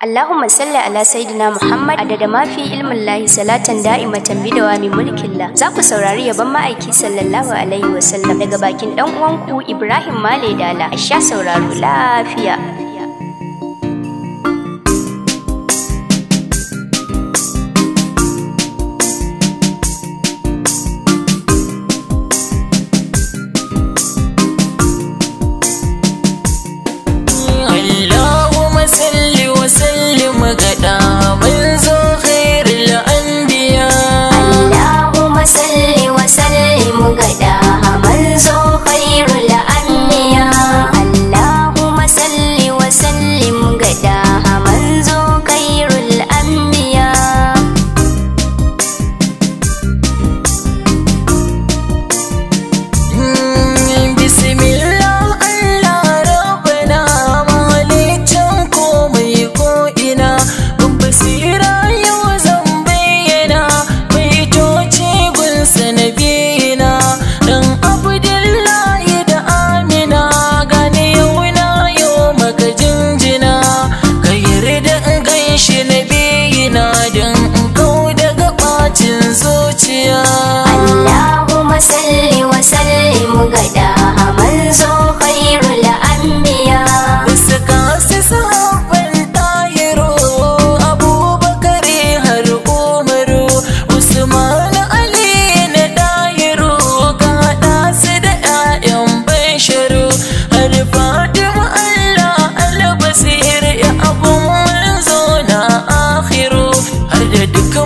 Allahumma salli ala sayyidina Muhammad adada ma fi ilmin lahi salatan da'imatan mai mulkin mulkillah. Za ku saurari yabon ma'aiki sallallahu alaihi daga bakin ɗan uwanku Ibrahim Male Dala. A sha sauraro lafiya.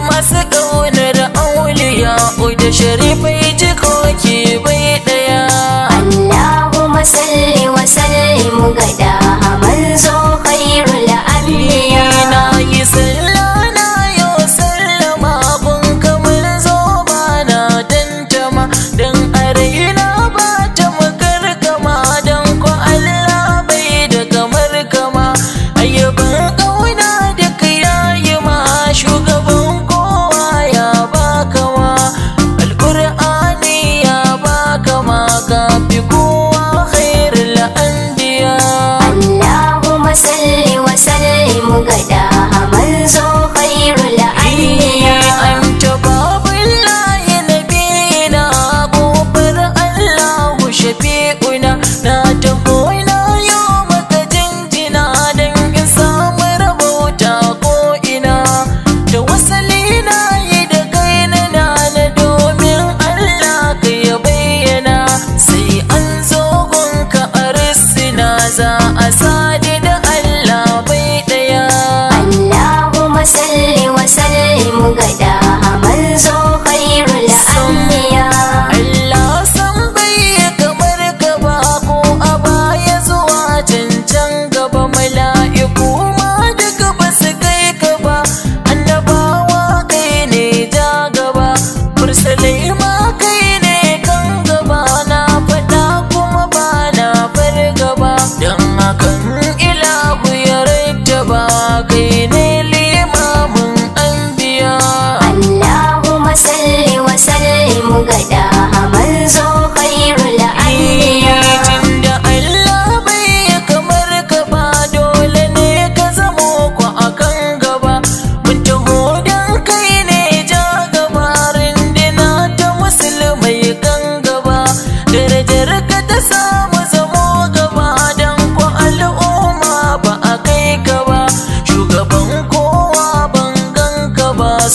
masu ƙaunar auliya da sharifai jikoki bai ɗaya Allahumma salli wa sallimu ga salli wa sallimu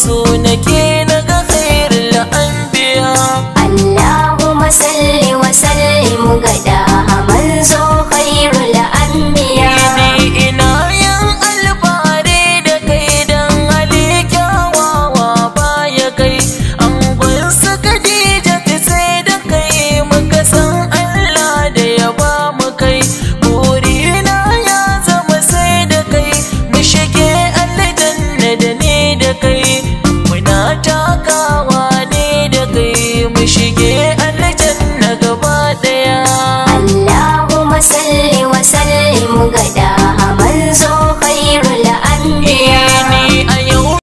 so nake na ga khairul anbiya Allahumma salli wa sallim gada manzo khairul